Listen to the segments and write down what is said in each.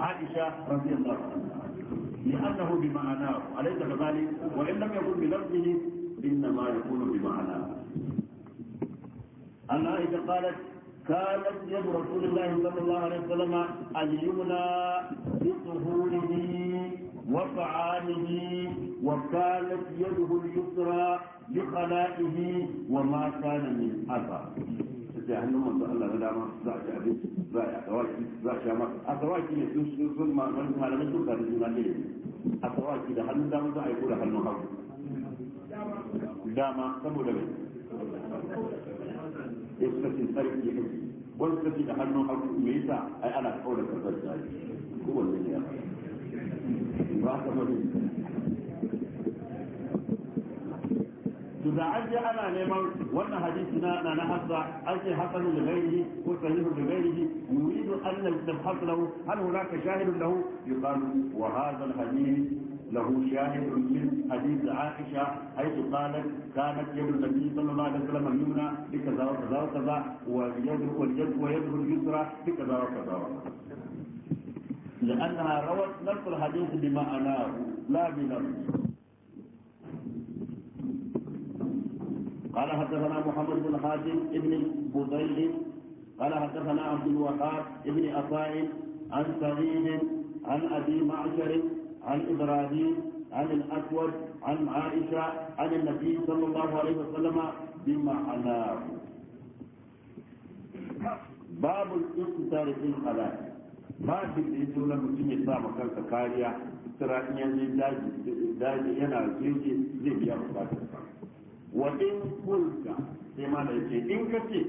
عائشة رضي الله عنها لأنه بمعناه أليس كذلك وإن لم يكن بلفظه إنما يكون بمعناه أن عائشة قالت كانت يد رسول الله صلى الله عليه وسلم اليمنى بطهوره وطعامه وكانت يده اليسرى لخلائه وما كان من أثر sai hannun manzo Allah na dama za a ci abinci za a dawaki za a sha a ne sun sun sun sun ne a da hannun dama za a yi hannun hagu dama saboda mai ya suka ce sarki ya wani suka ce da hannun hagu me yasa ai ana kaura ne ya ba ka to da an je ana neman wannan hadisi na na hasa ake hasan da gairi ko sahihu da gairi yuridu an yastahaq lahu hal hunaka shahidun lahu yuqalu wa hadha al hadith له شاهد من حديث عائشة حيث قالت كانت يد النبي صلى الله عليه وسلم اليمنى بكذا وكذا وكذا ويده واليد ويده اليسرى بكذا وكذا لأنها روت نفس الحديث بمعناه لا بنفسه قال حدثنا محمد بن خاتم بن بذيل قال حدثنا عبد الوهاب بن عطاء عن سعيد عن ابي معشر عن ابراهيم عن الاسود عن عائشه عن النبي صلى الله عليه وسلم بما علاه باب الاستثار في الخلاء ما في الجمله mutum ya sa kansa kariya isra'iyan daji yana jeje zai biya bukatar wa in kulta sai ma da yake in kace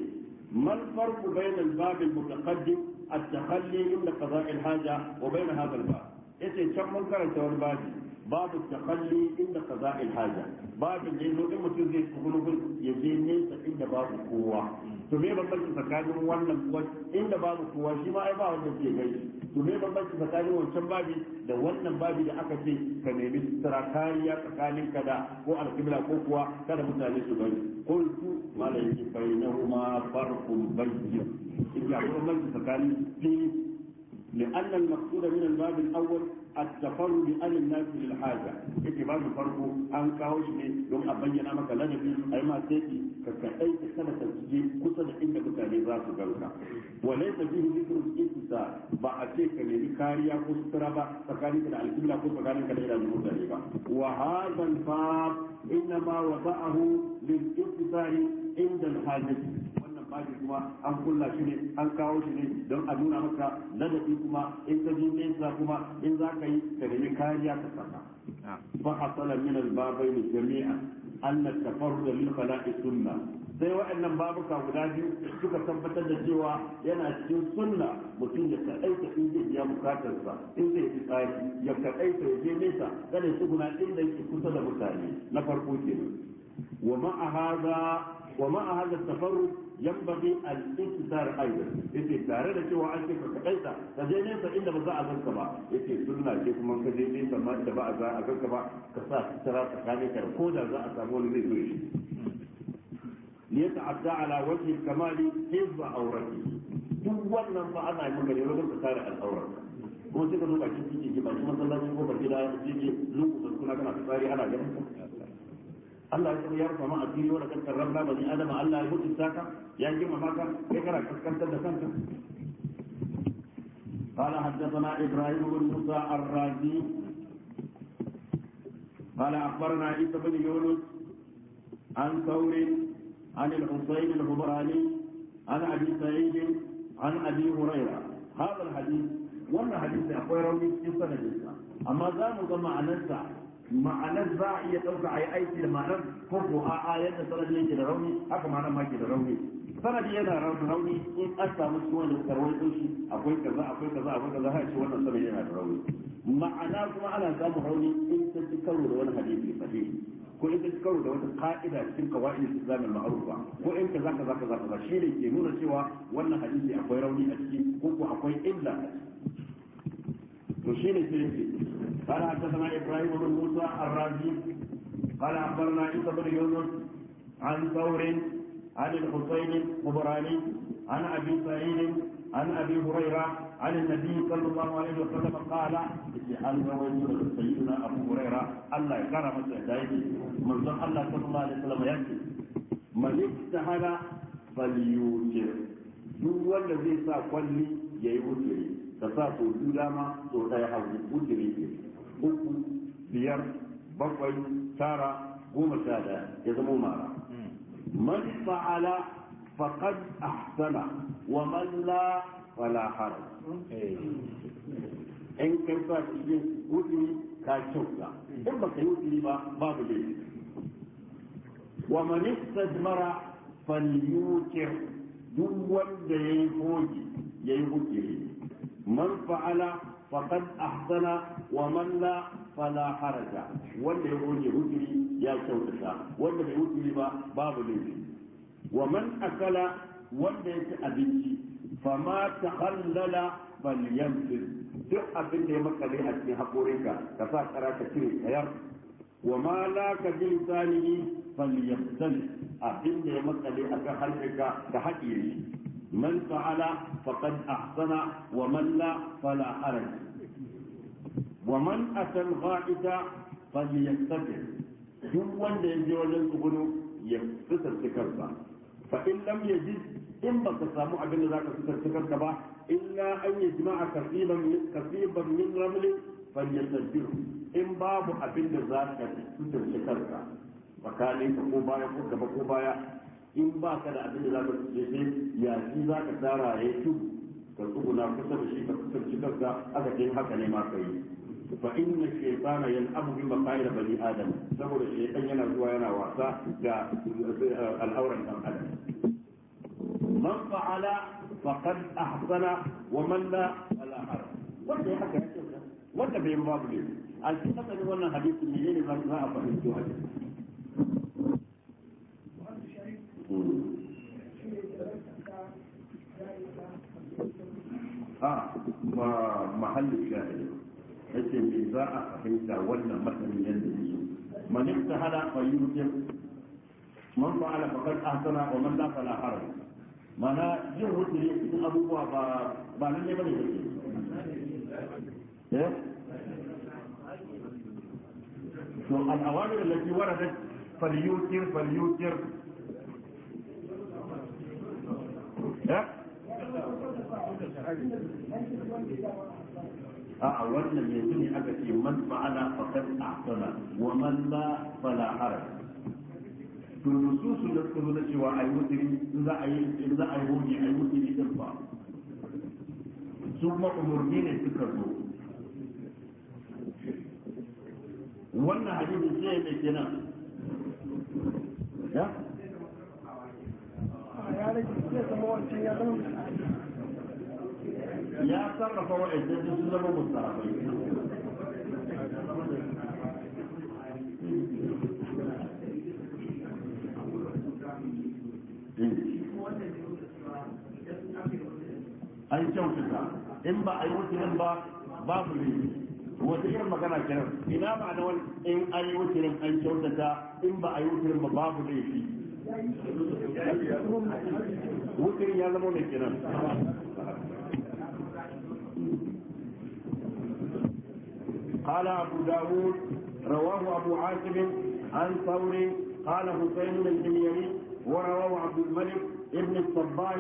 mal farqu bayna al-bab al-mutaqaddim at-takhalli inda qada'i al-haja wa bayna hadha al-bab yace can mun karanta wani babi babu takalli inda qada'il haja babu ne zo in mutum zai kuhulun ya je nesa inda babu kowa to me bambanci tsakanin wannan kuwa inda babu kowa shi ma ai ba wanda ke gani to me bambanci tsakanin wancan babi da wannan babi da aka ce ka nemi sutura tsakanin ka da ko alƙibla ko kuwa kada mutane su gani qultu malaihi bainahuma farqun bayyin in ya bambanci tsakanin fi لأن المقصود من الباب الأول التفرد عن الناس للحاجة اتباع فرقه أن كاوش من يوم أبين أمك لنبي أي ما تأتي كأي سنة تسجيل كسنة إنك تالي ذات ذلك وليس فيه ذكر الانتصار بأتيك لذكاريا كسربا فكانت على الكبلة كسربا كانت إلى المتالبة وهذا الباب إنما وضعه للانتصار عند الحاجة tsammani kuma an kulla shi ne an kawo shi ne don a nuna maka ladabi kuma in ka zo nesa kuma in za ka yi ka nemi kariya ka saka fa hasala min al-babain jami'a an tafarrud lil khala'i sunna sai waɗannan babuka guda biyu suka tabbatar da cewa yana cikin sunna mutum ya kaɗaita in zai biya bukatarsa in zai fi tsari ya kaɗaita ya je nesa kada su guna inda yake kusa da mutane na farko kenan wa ma'a hada wa ma'a hada tafarrud ينبغي الاكثار ايضا يتي تare da cewa an ce ka kadaita ka je nesa inda ba za a ganka ba yace sunna ce kuma ka je nesa ma da ba a za a ganka ba ka sa sutura tsakanin ka ko da za a samu wani zai zo shi liyata'adda ala wajhi kamali hizba aurati duk wannan ba ana yi maka ne wajen ka kare al'auranka kuma sai ka zo bakin titi ba shi masallaci ko ba gida ya titi lokacin kuna kana tsari ana ganin Allah ya ya rufa ma da wa kan karramna bani adama Allah ya mutu saka ya kima maka kai kana kaskantar da kanka قال حدثنا ابراهيم بن موسى الرازي قال اخبرنا عيسى بن يونس عن ثور عن الحسين الخبراني عن ابي سعيد عن ابي هريره هذا الحديث وانا حديث اخوي روي في سنه اما ذا مضمع نفسه ma'anar za a iya ɗauka a yi aiki da ma'anar ko ko a a yadda sanadi yake da rauni haka ma'anar ma ke da rauni sanadi yana rauni in an samu su wani karwai ɗinsu akwai kaza akwai kaza akwai kaza haka shi wannan sanadi yana da rauni ma'ana kuma ana samun rauni in ta ci karo da wani hadisi sahihi ko in ta ci karo da wata ka'ida cikin kawai islamin ma'arufa ko in kaza-kaza-kaza, kaza shi ne ke nuna cewa wannan hadisi akwai rauni a ciki ko ko akwai illa a ciki to shi ne ke قال حدثنا ابراهيم بن موسى الرازي قال اخبرنا عيسى بن يونس عن ثور عن الحسين الطبراني عن ابي سعيد عن ابي هريره عن النبي صلى الله عليه وسلم قال عن سيدنا ابو هريره الله يكرم سيدنا من الله صلى الله عليه وسلم يكفي من اجتهد فليوتر duk wanda zai sa kwalli ya yi wuturi ka sa so dama so ɗaya hagu wuturi ke uku biyar bakwai tara goma sha daya ya zama mara hmm. man fa'ala faqad ahsana wa man la fala haraj hmm. in kai sa cikin hudu ka kyauta in baka yi hudu ba babu laifi wa man istajmara falyutir duk wanda yayi hoji yayi hukiri man fa'ala faqad ahsana wa man la fala haraja wanda ya goge hujri ya kyautata wanda bai hujri ba babu laifi wa man akala wanda ya ci abinci fama takhallala bal yamsil duk abin da ya makale a cikin hakorinka ka sa kara ka cire kayar wa ma la ka bil zalimi fal yamsil abin da ya makale a kan harshenka ka haɗiye shi من فعل فقد أحسن ومن لا فلا حرج ومن أتى الغائط فليستتر duk wanda ya je wajen tsugunu ya fitarci kansa fa in lam yajid in ba ka samu abin da za ka fitarci kanka ba illa an yi jima'a kasiban min kasiban min ramlin falyatajir in babu abin da za ka kanka ko baya ko gaba ko baya in ba ka da abin da za ka tsaye sai yaƙi za ka tsara ya tudu ka tsuguna kusa da shi ka kusa da kanka aka ce haka ne ma ka yi fa inna shaytana yal'abu bi da bani adam saboda shaytan yana zuwa yana wasa ga eh, al'auran dan adam man fa'ala faqad ahsana wa man la fala har wanda haka yake wanda bai babu ne al-kitab wannan hadisi menene za a fahimci hadisi a ba mahalli shahidi yace me za a fahimta wannan matsalin yadda yake man ihtahada fa yujim man fa'ala faqad ahsana wa man la fala haraj mana yin hudiri cikin abubuwa ba ba nan ne ba bane yake eh to da awamir allati waradat falyutir falyutir eh a'a wannan yanzu ne aka ce man fa'ala faqad ahsana wa man la fala haraj to nususu da suka da cewa ai mutum in za a yi in za a yi hoji ai wutiri din fa su ma umurni ne suka zo wannan hadisi sai ne kenan ya ya rage sai kuma wancan ya zama ya sarrafa wa'ancan sun zama mustarafai an kyautata in ba a yi wucinin ba babu ne wata irin magana kenan ina ba da wani in an yi wucinin an kyautuka in ba a yi wucinin ba babu ne shi wucin ya zama mai kenan قال أبو داود رواه أبو عاصم عن ثور قال حسين بن الحميري ورواه عبد الملك ابن الصباح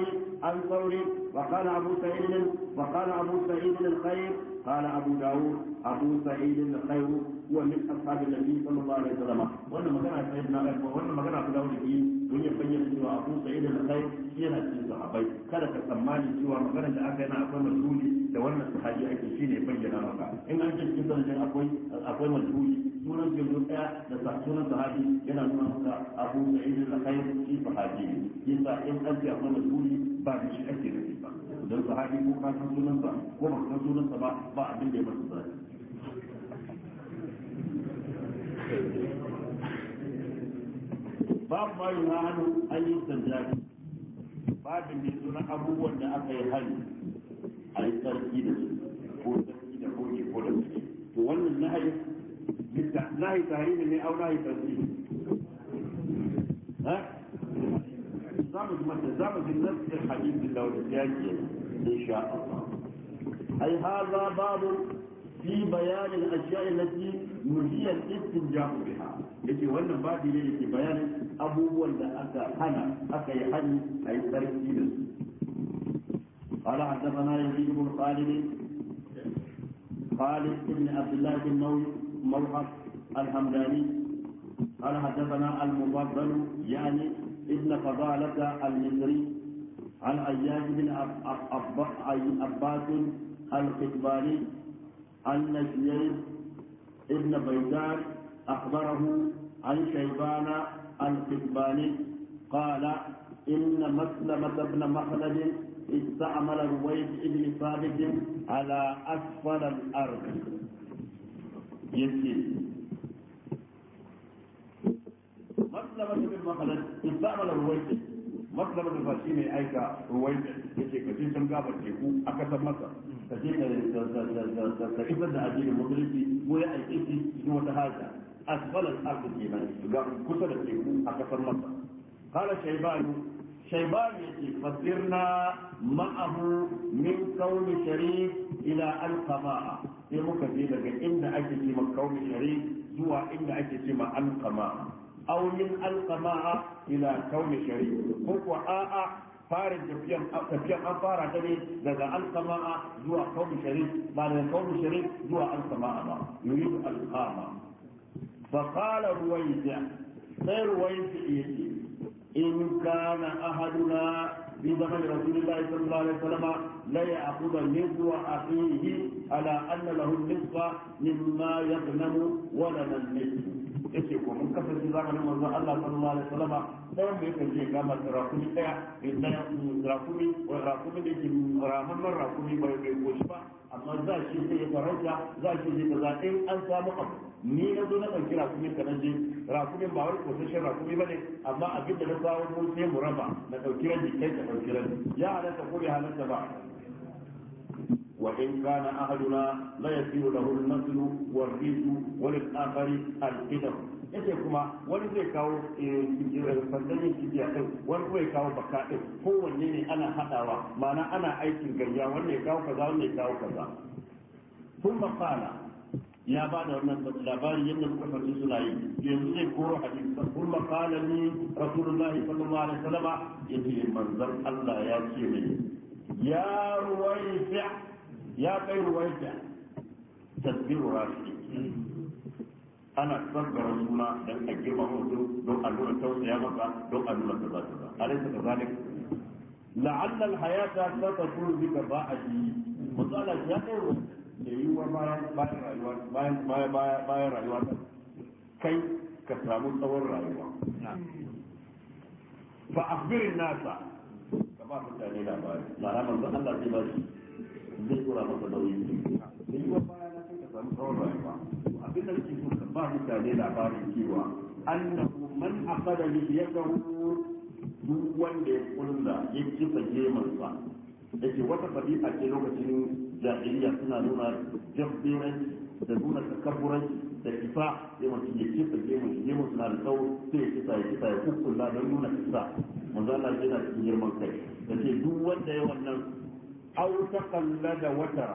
الثوري وقال أبو سعيد وقال أبو سعيد الخير قال أبو داود أبو سعيد الخير هو من أصحاب النبي صلى الله عليه وسلم وأنا كان سيدنا وأنا كان أبو داود فيه من يبين سوى أبو سعيد الخير yana cikin sahabbai kada ka tsammani ما maganar da aka yana akwai masuli da wannan sahabi ake shine bayyana maka in an ce cikin sanadin sunan jirgin ɗaya da sunan sahabi yana nuna maka abu da idin da kai shi sahabi ne yasa in an ce akwai rasuli ba da shi ake nufi ba don sahabi ko ka san sunan sa ko ba san sunan sa ba ba abin da ya masa zai babu ma yi hannu an yi sanjaki babin da sunan abubuwan da aka yi hannu a yi sarki da su ko sarki da ko ko da suke to wannan na hadisi نهي تهريب او نهي تنزيل ها زمج متزمج نفس الحديث اللي هو ان شاء الله اي هذا باب في بيان الاشياء التي نهي الاستنجاء بها يجي وانا بعد في بيان ابو ولد اكا حنا اكا يحني اي تركيب قال حدثنا يزيد بن خالد خالد بن عبد الله بن نووي ملحق الهمداني قال حدثنا المفضل يعني ابن فضالة المصري عن أياش بن عباس الخطباني أن زيد ابن بيزار أخبره عن شيبان الخطباني قال إن مسلمة بن مخلد استعمل رويد بن ثابت على أسفل الأرض yace maslama bin mahalan istamala ruwaita maslama da fashi mai aika ruwaita yace ka je gabar teku a kasar masa ka je ka isar da addinin musulunci ko ya aike shi cikin wata haja asfalan ardi kenan kusa da teku a kasar masa قال شيبان شيبان يجي فسرنا معه من كون شريف إلى القضاء يا مكتبين إن أجد من كون شريف هو إن أجد من القضاء أو من القضاء إلى كون شريف هو آآ آه، آه، فارج بيان بيان أفارا آه، جني لذا القضاء هو كون شريف بعد كون شريف هو القضاء يريد القامة فقال رويزة سير رويزة يجيب إن كان أحدنا بزمن رسول الله صلى الله عليه وسلم لا يأخذ نصف أخيه على أن له النصف مما يغنم ولنا النصف yace ko mun kasance zamanin manzo Allah sallallahu alaihi wasallam me yake kasance ga masu rakumi daya da rakumi wa rakumi da ke ramamman rakumi bai bai goshi ba amma za ki sai farauta za ki je kaza in an samu abu ni na zo na ɗauki rakumin ka nan je rakumin ba wani kotashin rakumi ba ne amma abin da na samu mun sai mu raba na ɗauki rabi kai ka ɗauki ran ya halatta ko bai halatta ba al كان wa al-rizq wa المثل akhari al القدم yake kuma wani zai kawo sandanin eh, eh, kibiya din wani kuma ya kawo baka din kowanne ne ana hadawa ma'ana ana aikin gayya wanda ya kawo kaza wanda ya kawo kaza sun قال ya ba da wannan labarin yadda muka farci suna yi yanzu zai koro hadisa sun qala ni rasulullahi sallallahu alaihi wasallam yace manzon Allah ya ce mini ya ruwaifi ya kai ruwaifi tasbihu rashi ana sabbara suna don a girma mutum don a nuna tausaya maka don a nuna kaza kaza alaysa kazalik la'alla al-hayata satakunu bika ba'adi matsala ya kai wa da yiwuwa bayan bayan rayuwa bayan bayan bayan rayuwa kai ka samu tsawon rayuwa fa akhbirin nasa ka ba mutane labari ma'ana manzo Allah zai ba shi zai kura maka da masa ne yi wa bayan ka samu tsawon rayuwa ba mutane labarin cewa annahu man aqada li yadahu duk wanda ya kulla ya kifa jemansa yake wata fadi'a ce lokacin jahiliya suna nuna jabbiran da nuna takabburan da kifa ya mutum ya kifa jemun jemun suna da tsawo sai ya kisa ya kisa ya kukkulla don nuna kisa manzo Allah yana cikin girman kai yace duk wanda ya wannan kalla da wata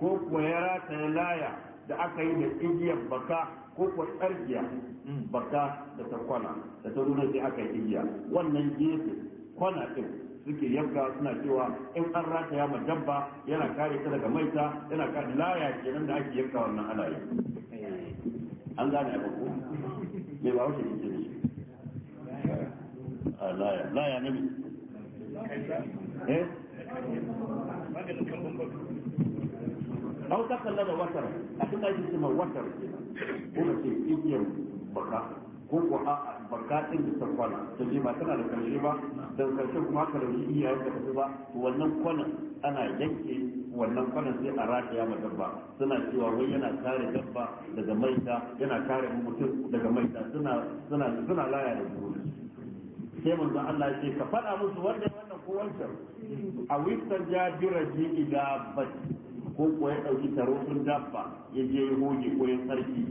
ko kuwa ya ya laya da aka yi da igiyar baka ko kuwa tsargiya mm, baka da ta kwana da ta nuna sai aka iya wannan gefe kwana ɗin suke yabga suna cewa in an rataya ma majabba yana kare ta daga maita yana kare laya kenan da ake yabga wannan alayi an gane a ko me ba wuce ke ne laya laya ne eh au ta kallaba watar a duka yake cewa watar kuma ce igiyar baka ko ko a baka din da ta kwana to ji ba tana da karshe ba da karshe kuma ka rauni iya ya tafi ba wannan kwanan ana yanke wannan kwanan sai a rataya ma dabba suna cewa wai yana kare dabba daga maita yana kare mutum daga maita suna suna suna laya da buru sai manzo Allah ya ce ka faɗa musu wanda wannan ko wancan a wistar jabiraji ila bat ko ko ya ɗauki tarotun dabba ya je ya goge ko ya sarki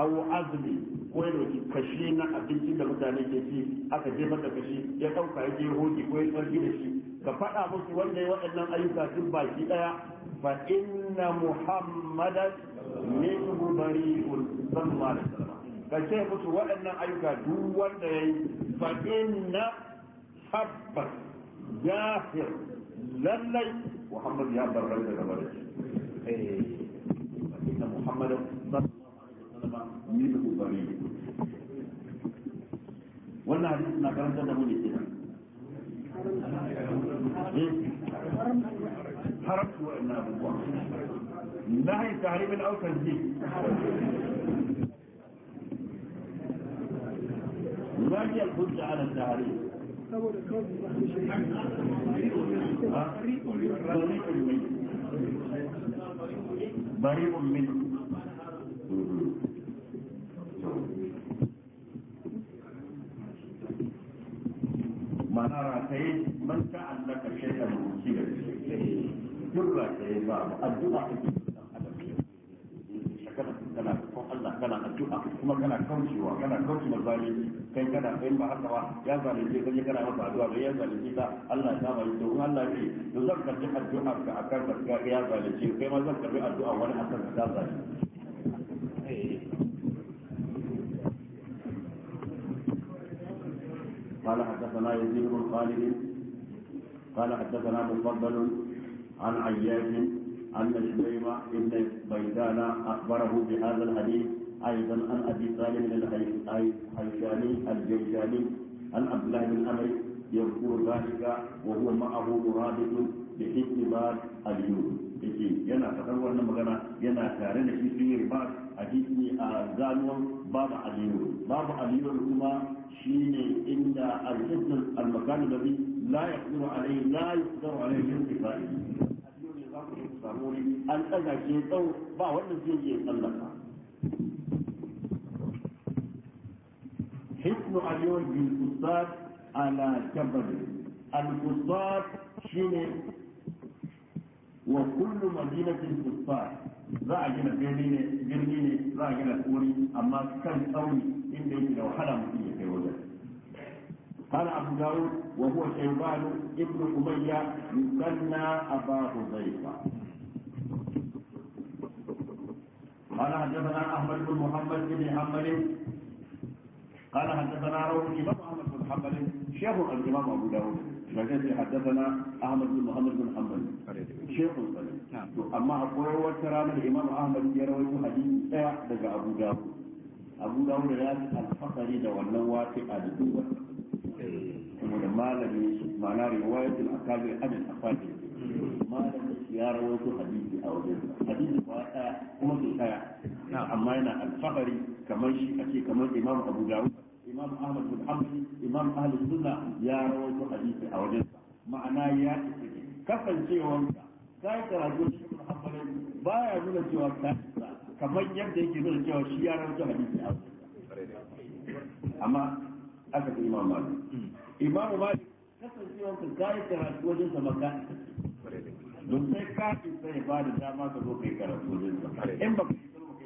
awo azumi ko ya dauki kashi na abincin da mutane ke ci aka je mata kashi ya ɗauka ya je ya goge ko ya sarki da shi ka faɗa musu wanda ya waɗannan ayyuka duk baki ɗaya fa inna muhammadan minhu bari'un sallallahu alaihi wasallam ka ce musu waɗannan ayyuka duk wanda ya yi fa inna habban jahir lallai محمد يا يقدر غير الجبلات ان محمدا صلى الله عليه وسلم منه ضريب wannan hadisi na karanta da حرم ne kenan حرمت وإن أبوه نهي تحريم أو تنزيل ما هي الحجة على التحريم بريء منه ما نرى سيد من تعلق شيئا مثيرا يرى سيد بعض الدعاء addu'a kuma kana kaucewa kana kauce ma zalunci kai kana kai da ya zalunce ka Allah ya to قال حدثنا يزيد بن خالد قال حدثنا مفضل عن عياش شبيبه ابن بيدانا اخبره بهذا الحديث أيضا عن أبي سالم الحيشاني الجيشاني عن عبد الله بن عمرو يذكر ذلك وهو معه مرابط باعتبار اليوم yake yana faɗar wannan magana yana tare da shi sun yi ribat a jiki a ganuwan babu aliyu babu aliyu kuma shine inda al-hibn al-makan da bi la yaqdiru alayhi la yaqdiru alayhi intifai aliyu ne za ku samu an tsaga ke tsau ba wanda zai iya tsallaka ibnu ayyub bin qusat ala jabal al shi shine wa kullu madinatin qusat za a gina birni ne za a gina tsuri amma kan tsauni inda yake da wahala mutum ya kai wajen قال أبو داود وهو شيبان ابن أمية يثنى أبا حذيفة قال حدثنا احمد بن محمد بن حنبل قال حدثنا روح الإمام أحمد بن حنبل شيخ الإمام أبو داود لكن حدثنا أحمد بن محمد بن حنبل شيخ الإمام أما أقول وترى الإمام أحمد يروي حديث دقى أبو داود أبو داود لا الفقري ده والنواتي الدول saboda malami ma'ana riwayatul akabir an al-afadi malami ya rawaito hadisi a wajen hadisi ba kuma amma yana alfahari kamar shi ake kamar imam abu dawud imam ahmad bin hanbali imam ahli sunna ya rawaito hadisi a wajen ma'ana ya tafi kasancewanka kai karatu shi bin hanbali baya nuna cewa ka kamar yadda yake nuna cewa shi ya rawaito hadisi a amma aka ce imam malik hmm. imam malik kasancewanka kai karatu wajen sa maka don sai ka isa ya ba da dama ka zo kai karatu wajen sa in ba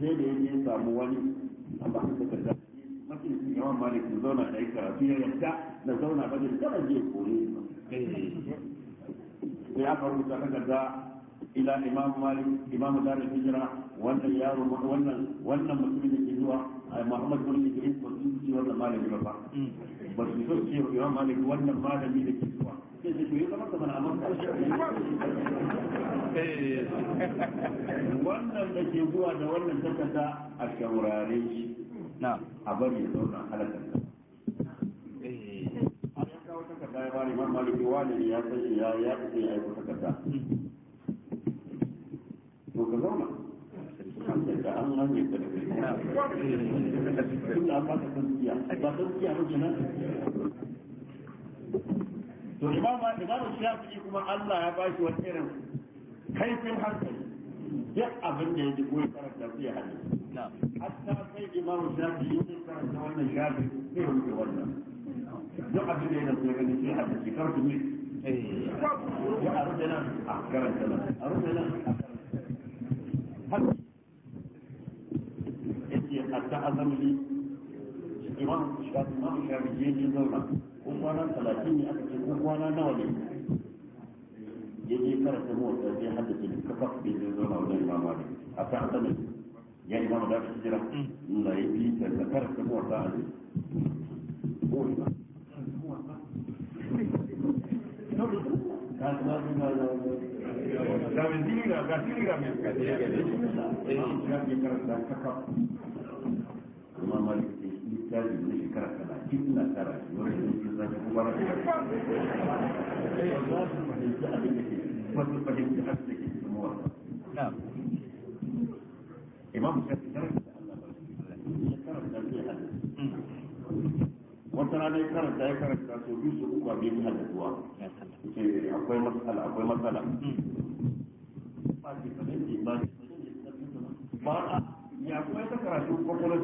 sai da yake samu wani amma suka karda mafi yawan malik na zauna da yi karatu ya yadda na zauna ba da kada je koyi sai aka rubuta takarda ila imam malik imam darul hijra wannan yaro wannan wannan mutumin da ke zuwa muhammad bin idris ba su ci wannan malami ba ba ba su so ci imam malik wannan malami da ke zuwa sai da ke zama kamar amon Eh. wannan da ke zuwa da wannan takarda a shaurare shi na a bari sauran halakar a ya eh. kawo takarda ya bari man maliki wani ne ya san ya ya ce ya yi takarda to ka zauna An da an hanyar da kai tun an ba ta tsakiya ba tsakiya ba kenan to imam imam shafi'i kuma Allah ya bashi wani irin kaifin hankali duk abin da ya ji koyi karanta su ya hali hatta sai imamu shafi yi zai karanta wannan shafi sai wuce wannan duk abin da ya nasu gani sai hali shi karfi ne ya a rufe nan a karanta nan a rufe nan a karanta yake hatta azamli imam shafi imam shafi je ne zauna ko kwana talatin ne aka ce ko kwana nawa ne karanta muwatta sai haddace ka kafa zai zo na wajen imam malik a kan sanin ya imam da shi jira na yi bi ta karanta muwatta a ne ko ina ka ta bi na da la vendimia, la vendimia mi accadeva. E non c'era di carta cacca. Kuma mali ke shi tsari ne shekara kana kin na tsara wani ne zai zaka kuma rafi. Eh, za su fahimci abin da ke wata rana hmm. hmm. ya karanta ya karanta biyu su uku akwai matsala akwai matsala ba ya ta karatu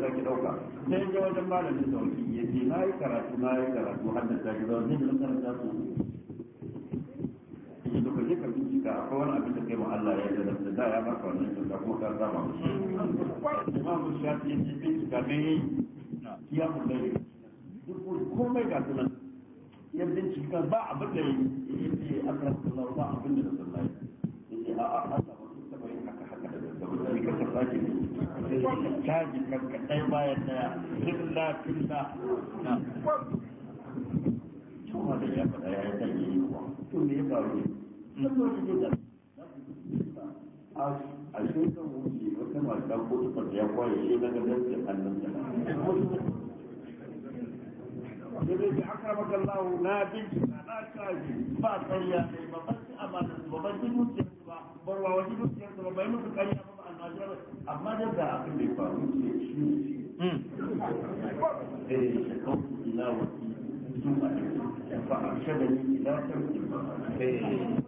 da ki dauka sai ya wajen malamin sauki ya ce na yi karatu na yi karatu ki zaune karanta je ka bincika wani abin da kai Allah ya da da ya baka wannan kyauta kuma ka saba musu imamu shafi ya bincika ne ya mu dai duk komai ga sunan ya bincika ba abin da ya ce aka sallahu ba abin da sallahu ya ce a'a Allah ba su taba yin haka haka da saboda ni ka sake ne kaji kanka dai bayan daya illa illa na kuma da ya faɗa ya yi ta yi to me ya faru a shekar wuce wata ta ya kwaye shi na gadar da aka maka na bincika na kaji ba karya ne ba ban ba ba barwa wa ba bai musu karya ba amma da abin da ya faru shi ne eh ba ba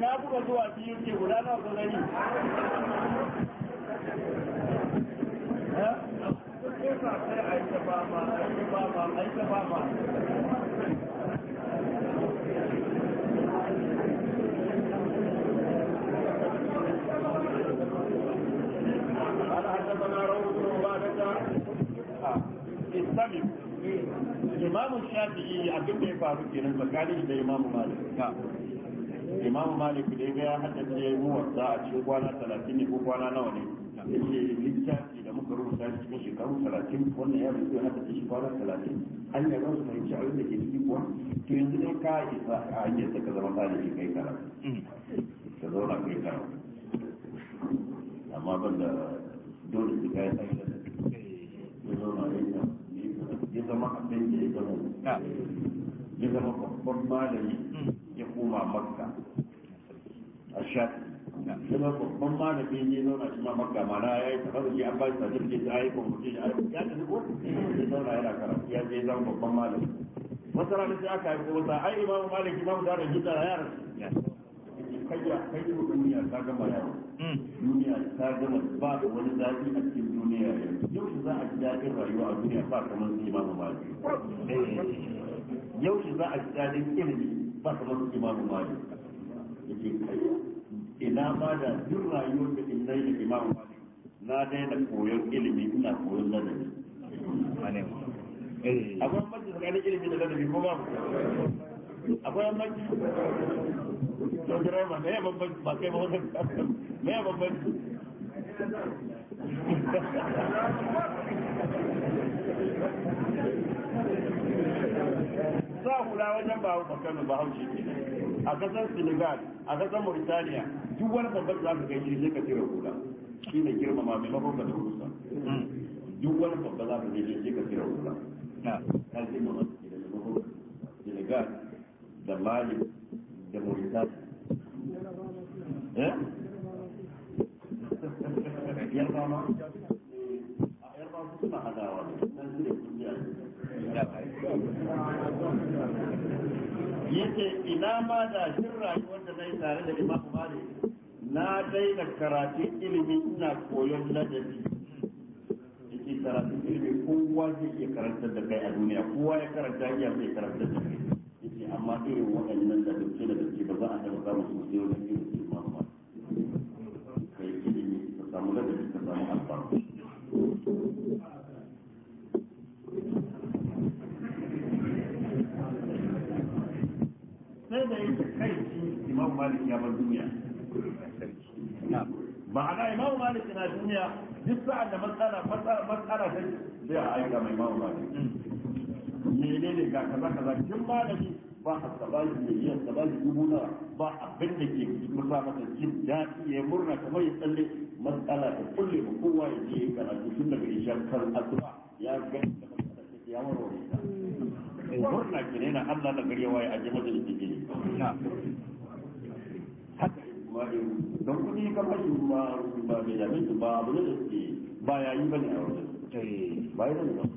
Daga buga zuwa biyu guda nawa ko gani ha? Ai ta ba ma, ai ta ba imamu shafi'i abin da ya faru kenan tsakanin da imamu malik imamu malik da ya ga a cikin kwana ne ko kwana nawa ne yace littafi da muka rubuta shi cikin shekaru talatin wannan ya rubuta da ke kuwa to yanzu ka isa a hanyar ta ka zama kai karatu ka zauna kai karatu amma ban da dole su kai da zauna kai karatu ya zama abin da ya zama ya zama babban malami ya koma makka a shafi kuma babban malami ne zauna shi ma makka mana ya yi tafasa ya an bashi sajirki ta yi kwamfuci da yi ya tafi ko ya zauna yana karatu ya je zama babban malami wasu rana sai aka haifi wata ai imamu maliki imamu da rajin da Kai kayya kai duniya ta gama yawa Hmm. duniya ta gama ba da wani daɗi a cikin duniya yau za a ji daɗin rayuwa a duniya ba kamar su imamu mali eh, yau za a ji daɗin ilimi ba kamar su imamu mali ina ma da duk rayuwar da in nai da imamu mali na daina koyon ilimi ina koyon ladabi eh, akwai mace tsakanin ilimi da ladabi ko ba akwai mace to kula wajen ba hau bakanu ba haushi a kasar senegal a kasar mauritania duk wani babban za ka gani ka shi ne duk wani babban za ka ka na da senegal da mali da murisat eh? ma su suna hadawa ne da ina ma da shin rayuwar da nayi tare da Imam na daina karatun ilimi ina koyon ladabi yake karatun ilimi kowa zai iya karanta da kai a duniya kowa ya karanta iya zai karanta da kai amma irin waɗannan da dauke da dauke ba za a taɓa samun su sai wajen irin su ba ba kai ilimi ka samu ladabi ka samu albarka sai da yake kai imam malik ya bar duniya ma'ana imam malik na duniya duk sa'an da matsala matsala sai sai a aika mai imam malik menene ga kaza kaza kin malami ba a sabali miliyan sabali dubu na ba abin da ke murna masa jin daɗi ya murna kamar ya tsalle matsala ta kulle ma kowa ya je karatu tun daga isha kan asuba ya gani da matsala ta ya warware ta murna ke ne na Allah da gari waye a jama'a da ke ne don kuɗi kan bashi ba ba mai da damin ba abu ne da suke ba ya yayi bane a wajen eh. ba yayi bane ba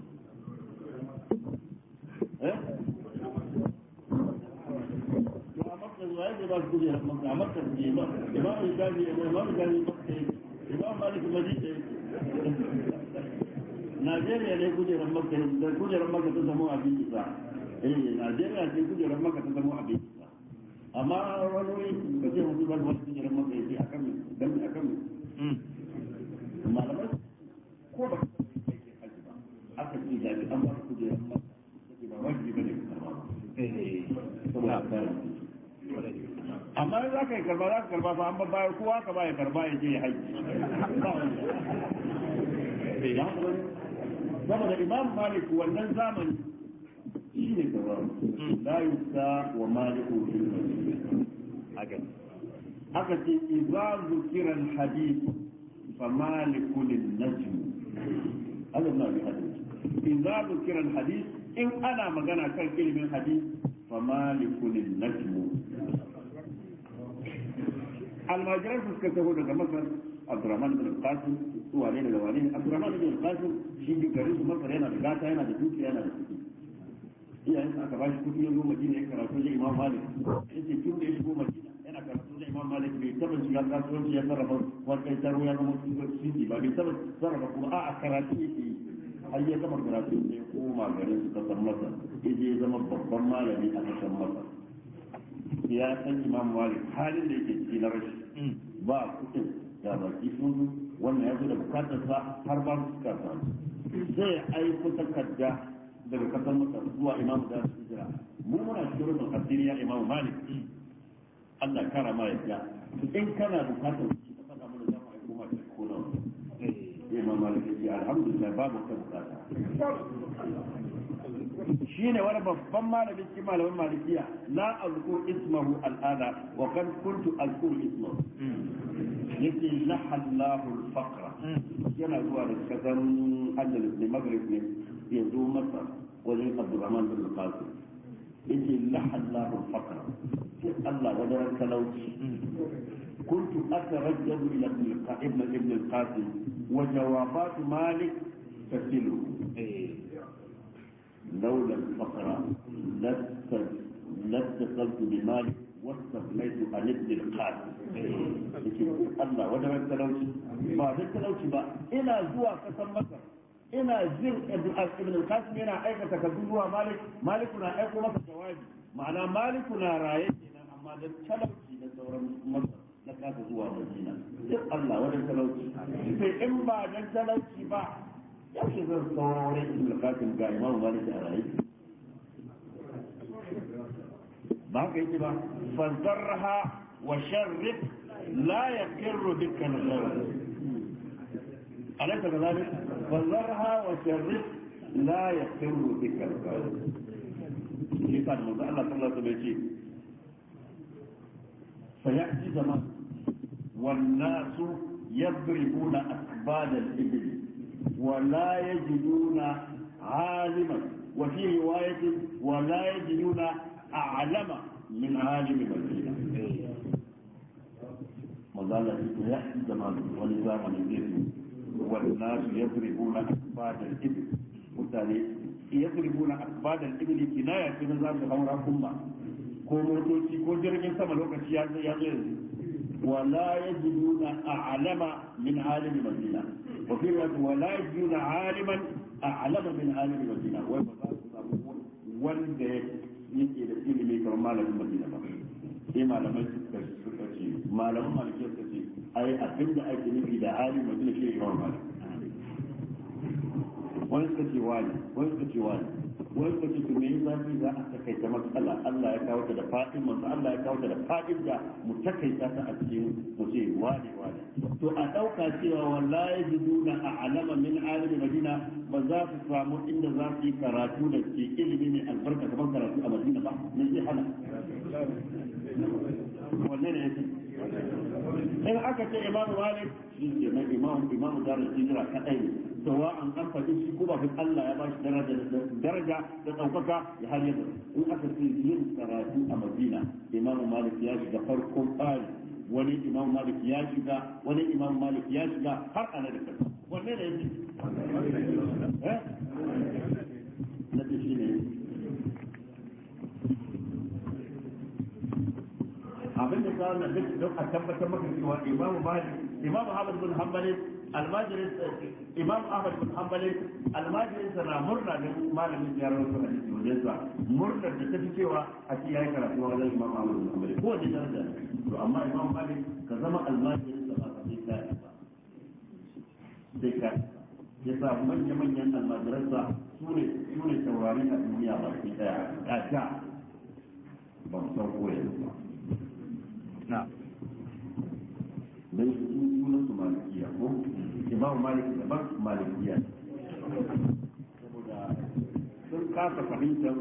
wa yake ba su a a makka su ba imamu shafi malik najeriya ne da ta zama abin eh najeriya ce ta zama abin amma wani ce ba wani akan dan akan hmm. malamai ko ba aka ce da ba wajibi ba eh amma za ka yi karba za ka karba fa an babbayar kowa ka ba karba ya je ya haji saboda imam malik wannan zamani shi ne gaba la yusa wa maliku fil haka ce idza zukira kiran hadith fa maliku lin najm hada na bi hadith idza zukira al hadith in ana magana kan ilimin hadith fa maliku lin najm almajiran su suka taho daga masar abdurrahman bin qasim su wane daga wane abdurrahman bin qasim shi ne garin su masar yana da gata yana da dukiya yana da kuɗi iyayen sa aka bashi kuɗi yanzu madina ya karatu ya imam malik yace tun da ya shigo madina yana karatu da imam malik bai taba shiga kasuwanci ya sarrafa wani taro ya zama sisi ba bai taba sarrafa kuma a'a karatu yake yi har ya gama karatu sai koma garin su kasan masar ya je ya zama babban malami a kasan masar ya san imam malik halin da yake ciki na rashi mm. ba kuɗin da baki sun wannan ya zo da bukatar sa har ba su suka samu zai aiko takarda daga kasar masar zuwa imam da su jira mu muna cikin rufin asiri ya imam malik mm. Allah kara ma ya in kana bukatar su ka faɗa mana za mu aiko ma ta ko nawa eh. imam malik ya ce alhamdulillah babu kan bukata shine wani babban malamin cikin malamin malikiya la azkur ismahu al'ada wa kan kuntu azku ismahu yake lahallahu al-faqra yana zuwa da kazan andalus ne magrib ne ya zo masa wajen abdurrahman bin qasim yake lahallahu al-faqra sai Allah wajen talauci كنت أتردد ibn ابن ابن القاسم وجوابات malik تسله لولا الفقر لاتصلت بمالي واستغنيت عن ابن القاسم الله ودعا التلوشي ما دعا التلوشي بقى إلى زوا قسم مصر ina jin ibn al-qasim yana aikata ka zuwa malik maliku na aiko masa jawabi ma'ana maliku na raye kenan amma da talauci da sauran masa na kasa zuwa madina duk Allah sai in ba dan talauci ba الطوارئ وشرب لا يكر بك الغرب أليس كذلك فانضرها وشرب لا يقر بك الغرب كيف أن الله صلى الله عليه وسلم فيأتي زمان والناس يضربون أكباد الإبل ولا يجدون عالما وفي رواية ولا يجدون أعلم من عالم المدينة مظلة يحيي زمان ولزام الإبل والناس يضربون أكباد الإبل mutane yadribuna akbadan ibli kinaya ce na zamu haura kuma ko motoci ko jirgin sama lokaci ya zo ya zo yanzu ولا يجدون أعلم من عالم مدينة وفي رواية ولا يجدون عالما أعلم من عالم مدينة yake da ilimi kamar malamin madina ba sai malamai suka ce malamin malikiyar suka ce ai abin da ake nufi da hali madina shi ne wani wani wai ku ji me zafi za a takaita matsala Allah ya kawo ta da fadin masu Allah ya kawo ta da fadin da mu takaita ta a cikin musu ce wane wane to a dauka cewa wallahi jiduna a alama min alim madina ba za su samu inda za su yi karatu da ke ilimi ne albarka kamar karatu a madina ba me zai hana wannan ne yake in aka ce imamu malik shi ke na imamu imamu darul hijra kadai سواء أنت تشي كوبا في الله يا باش درجة درجة لتوقفك لحال يدر إن أخذ في الدين سراتي أمدينة إمام مالك ياجد فرقم قال ولي إمام مالك ياجد ولي إمام مالك ياجد حرق أنا لك ولي لك نتشيني عملنا قال لك لو أتمت مكتوبة إمام مالك إمام أحمد بن حنبل almajirin imam ahmad bin hanbali almajirin sa na murna da malamin ya su a hadisi wajen sa murna da ta fi cewa a ci yayi karatu a wajen imam ahmad bin hanbali ko da daraja to amma imam malik ka zama almajirin sa ba ka sai ka sai ka ya sa manya-manyan almajiransa su ne su ne taurari a duniya ba su daya a da ban san ba. imamu da ban malikiya saboda sun kasa fahimtar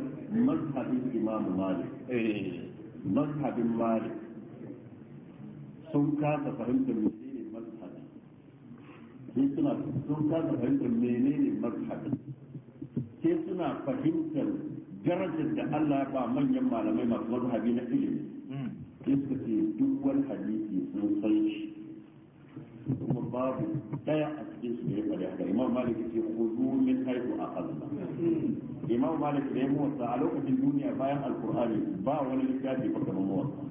mazhabin imamu malik eh. mazhabin malik sun kasa fahimtar menene mazhabi sai suna sun kasa fahimtar menene mazhabi sai suna fahimtar darajar da Allah ya ba manyan malamai masu mazhabi na ilimi hmm. sai suka ce duk wani hadisi sun san shi kuma babu daya a cikin su da ya faɗi haka imam malik ce kudu min haihu a kalma imam malik da ya muwasa a lokacin duniya bayan alkur'ani ba wani littafi ba kamar muwasa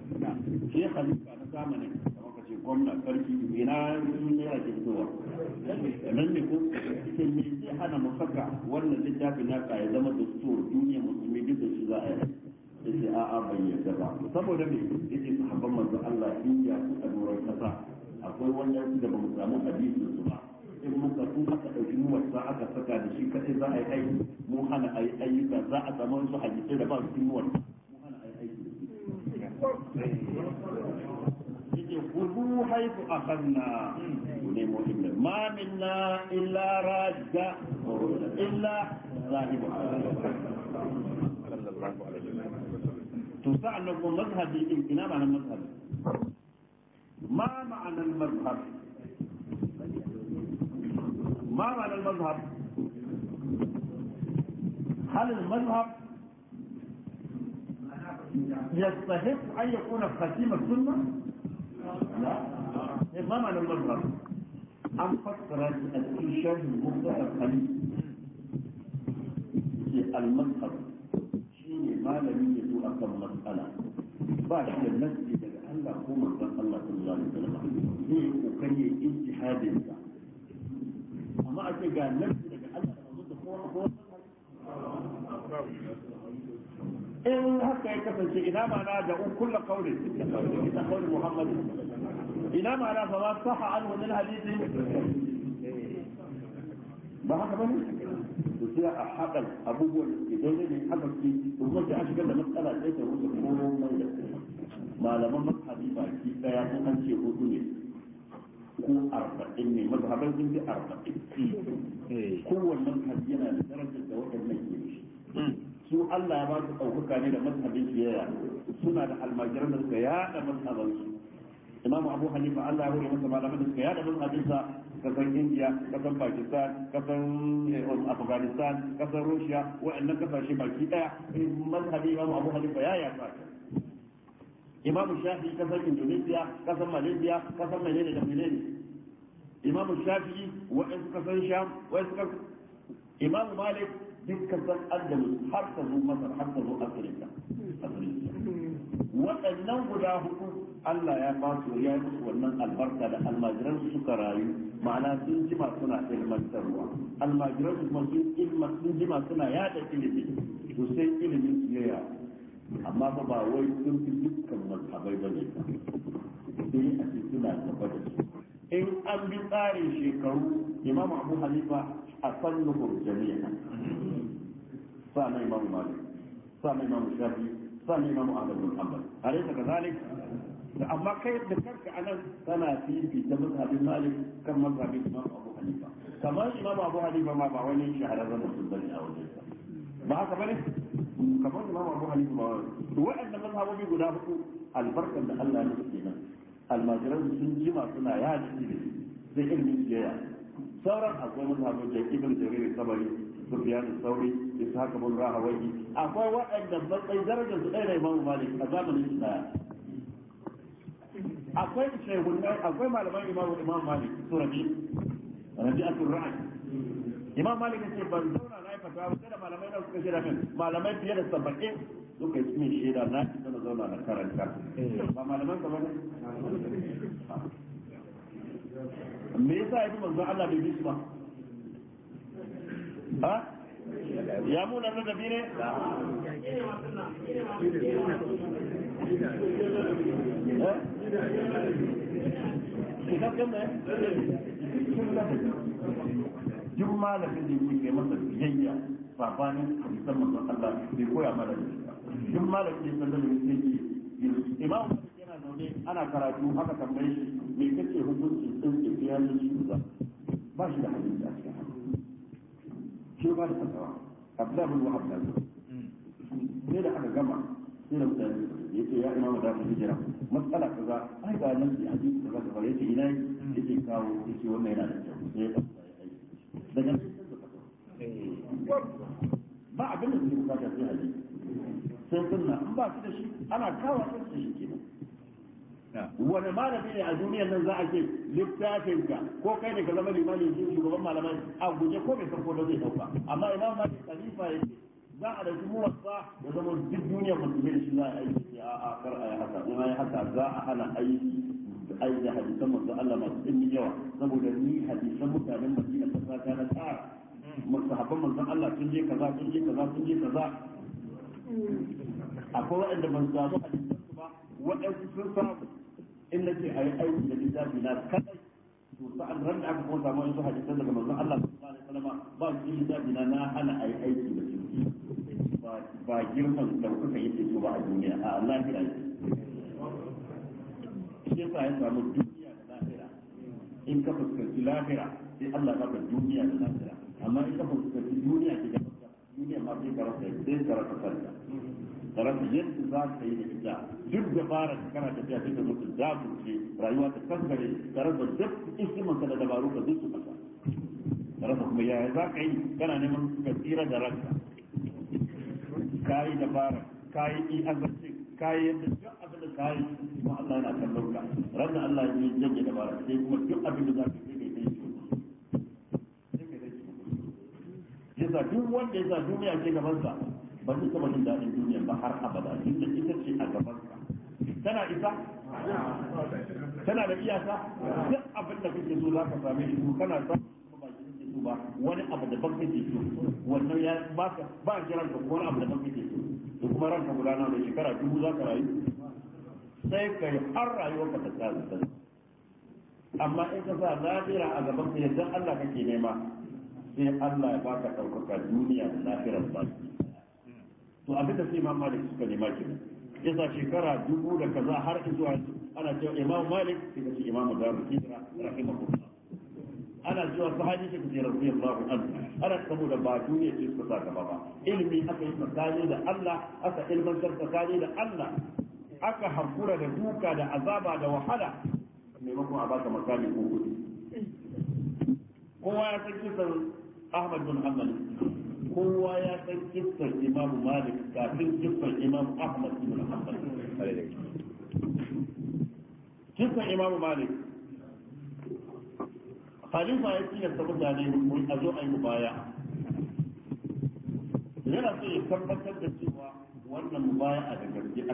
shi halitta na zamanin kamar ka ce gwamna sarki ina sun yi ake fitowa nan ne ko ce me zai hana mu saka wannan littafin naka ya zama da dastur duniya musulmi duk da shi za a yi yace a'a bai yarda ba saboda me yace sahabban manzon Allah in ya ku a doron kasa akwai wannan da ba mu samu hadisin su ba in muka su aka ɗauki mu wasa aka saka da shi kaɗai za a yi aiki mu hana a yi ayyuka za a zama su hadisai da ba su cikin wani mu hana a yi aiki yake kudu haifu a kanna ku nemo inda ma minna illa raja illa zahibu to sa'an nan kuma mazhabi din ina ba nan mazhabi ما معنى المذهب ما معنى المذهب هل المذهب يستحق أن يكون خاتم السنة لا ما معنى المذهب an fassara shi a cikin sharhin muktasar khalil ke al-mazhab shi ne malami ya matsala ba da تقوم الله صلى الله عليه وسلم ليه وكي انتحاد انت وما اتقى نفسك انت ضد قوة قوة إن هكا يكفل شيء إنما أنا جاءوا كل قول إذا قول محمد إنما أنا فما صح عنه من الحديث ما حقا بني؟ قلت لها أحقا أبوه إذا لم يحقا في ثم جاء شكرا مسألة ليس هو سبحانه ومن يسلم malaman mazhabi baki daya ko an ce hudu ne ko arba'in ne mazhaban sun fi arba'in eh. kowanne mazhabi yana da darajar da waɗannan ke shi su Allah ya ba su ɗaukaka ne da mazhabin su yaya suna da almajiran da suka yaɗa mazhaban su imamu abu hanifa Allah ya hore masa malaman da suka yaɗa mazhabin sa kasan india kasan pakistan kasan eh, oh, afghanistan kasan russia wa'annan kasashe baki daya eh, mazhabi imamu abu hanifa ya yaɗa imam shafi kasar indonesia kasar malaysia kasar menene da menene imam shafi wa'ansu kasar sham wa'ansu kasar imam malik duk kasar aljanu har ta zo masar har ta zo afirka waɗannan guda hudu Allah ya ba su ya yi wannan albarka da almajiran su suka rayu ma'ana sun jima suna ilmantarwa almajiran su kuma sun jima suna yada ilimi to sai ilimin su ya amma fa ba wai sun fi dukkan mazhabai ba ne sai a ce suna gaba da su in an bi tsarin shekaru imam abu halifa a sannu ko jami'a sa na imam malik sa na imam shafi sa na imam abu bin hanbal alaysa kazalik amma kai da karka anan tana fifi ta mazhabin malik kan mazhabin imam abu halifa kamar imam abu halifa ma ba wani shahararren mutum bane a wajen sa ba haka bane kamar imam abu hanifa ba wani wa'annan mazhabobi guda hudu albarkan da Allah ya nufi kenan almajiran sun jima suna yaji ne sai ilmin jaya sauran akwai mazhabobi ibn jarir sabari sufyan sauri ishaq bin wai? akwai wa'anda matsayi darajar su ɗaya da imam malik a zamanin shi daya akwai shehunai akwai malaman imam imam malik surabi rabi'atul ra'i imam malik ne ban zauna ga da malamai na suka shirya min malamai fiye da saba'in suka yi min shaida na isa na zauna na karanta ba malaman ka bane me yasa yafi manzo Allah bai bisu ba ha ya mu nan da bi ne Kitab ne? duk malamin da yake masa biyayya sabanin hadisan manzon Allah bai koya mana da duk malamin da sallallahu alaihi wasallam imam yana zaune ana karatu haka tambaye shi me kake hukunci sun ke biya ni shi ba ba shi da hadisi a cikin shi ba da fatawa Abdullah bin Wahab sai da aka gama sai da mutane yace ya imamu da ka hijira matsala kaza ai ga nan hadisi kaza kaza yace ina yake kawo yace wannan yana da kyau sai ya daga nan eh, ba abin da suke bukata sai hadisi sai sunna in ba su da shi ana kawo sai su shi kenan wani malami ne a duniyar nan za a ce littafin ka ko kai ne ka zama limamin jin shugaban malamai a guje ko bai san ko da zai dauka amma imam malik khalifa ya ce za a dauki muwassa ya zama duk duniyar musulmi da shi za a aiki a a kar a yi haka in a yi haka za a hana aiki ai da hadisan manzo Allah masu ɗimbin yawa saboda ni hadisan mutanen Madina ta saka na ta masahaban manzon Allah sun je kaza sun je kaza sun je kaza akwai waɗanda ban samu hadisan su ba waɗansu sun samu in nace ayi aiki da littafi na kadai to sa'an ran da aka kuma samu wasu hadisan daga manzon Allah sallallahu alaihi wasallam ba su littafi na na hana ayi aiki da shi ba girman da kuka yi so ba a duniya a lafiya shi yasa ya samu duniya da lahira in ka fuskanci lahira sai Allah baka duniya da lahira amma in ka fuskanci duniya ki ga duniya ma sai ka rasa sai ka rasa kanka ka rasa yadda za ka yi da ita duk da fara kana tafiya sai ka zo ka dabuce rayuwa ta kankare ka rasa duk isman ka da dabaru ka duk su kasa ka rasa kuma yaya za ka yi kana neman ka tsira da ranka ka yi da fara ka yi azanci ka yi yadda duk kai kuma Allah yana kallon ka ranar Allah ya janye da bara sai kuma duk abin da za ka yi kai sai yasa duk wanda yasa duniya ke gaban sa ba zai taba jin daɗin duniya ba har abada duk inda ita ce a gaban sa tana isa tana da iyaka duk abin da kake so za ka same shi kana samu ba wani abu da baka ke so wannan ya baka ba jiran ka wani abu da baka ke so da kuma ranka guda na da shekara dubu za ka rayu sai ka yi har rayuwar ka ta tsaya amma in ka sa lafira a gaban ka yadda Allah kake nema sai Allah ya baka ɗaukaka duniya da lafira ba to abin da sai Imam Malik suka nema kenan yasa shekara dubu da kaza har zuwa ana cewa Imam Malik sai ka ce Imam Darul Hijra rahimahullah ana cewa sahabi ke kujerar rabbi Allah an ana saboda ba duniya ce suka sa gaba ba ilimi aka yi tsakani da Allah aka ilmantar tsakani da Allah aka hakura da duka da azaba da wahala maimakon a baka makami ko kudi kowa ya san kisan ahmad bin hanbal kowa ya san kisan imam malik kafin kisan imam ahmad bin hanbal kisan imam malik khalifa ya tilasta mutane mun a zo a yi baya yana so ya tabbatar da cewa wannan mubaya a da gaske a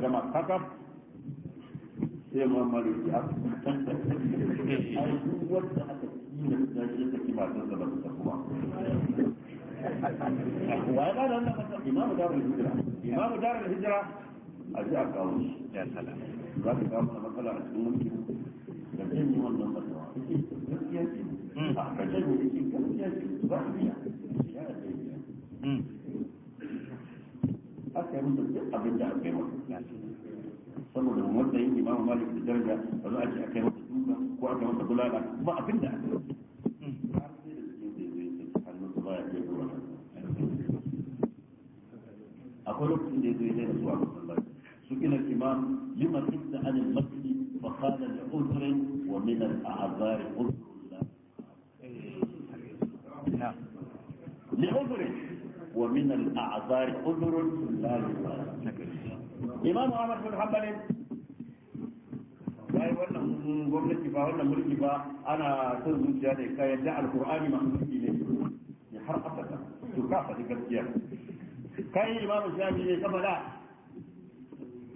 zama kakaf sai ma mara ki a ai duk wanda aka kila da shi ta ki matar da ba ta kuma wa ya bada wannan masa imamu darul hijira imamu darul hijira a ji a kawo shi ya salam za ka kawo masa matsala a cikin mulki da zai yi wannan matsawa gaskiya ce a kashe ne yake gaskiya ce ba su biya ya da ya malik da daraja ba za a ce akai masa duka ko akai masa bulala ba abin da aka yi har sai da jikin zai zai sai hannun ba ya kai ruwa akwai lokacin da ya zai da zuwa masallaci su ina imam liman ibda an al-masjid fa qala li udhrin wa min al-a'zari udhrullah لعذره ومن الأعذار عذر لا يبالي إمام أحمد بن حنبل ba ana son zuciya ne ka yadda alkur'ani mahimmanci ne ya har abada to ka faɗi gaskiya kai imamu shafi ne ka faɗa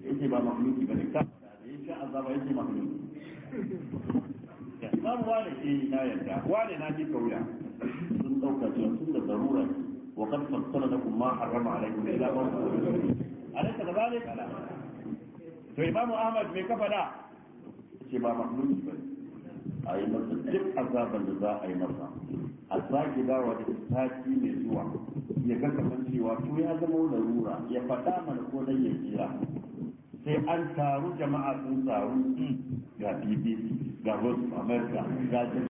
yake ba mahimmanci ba ne ka da ya sha azaba yake mahimmanci imamu wane eh na yadda wane na ji kauya sun ɗauka cewa sun da zarura wa kan fassara da kuma harama alaikum ila ba alaka da zalika to imamu ahmad me ka faɗa ce ba mahimmanci ba ne a yi masa duk azaban da za a yi masa a sake dawa da sati mai zuwa ya ga kamar cewa to ya zama larura ya faɗa mana ko dan ya kira sai an taru jama'a sun taru ga bbc ga wasu america ga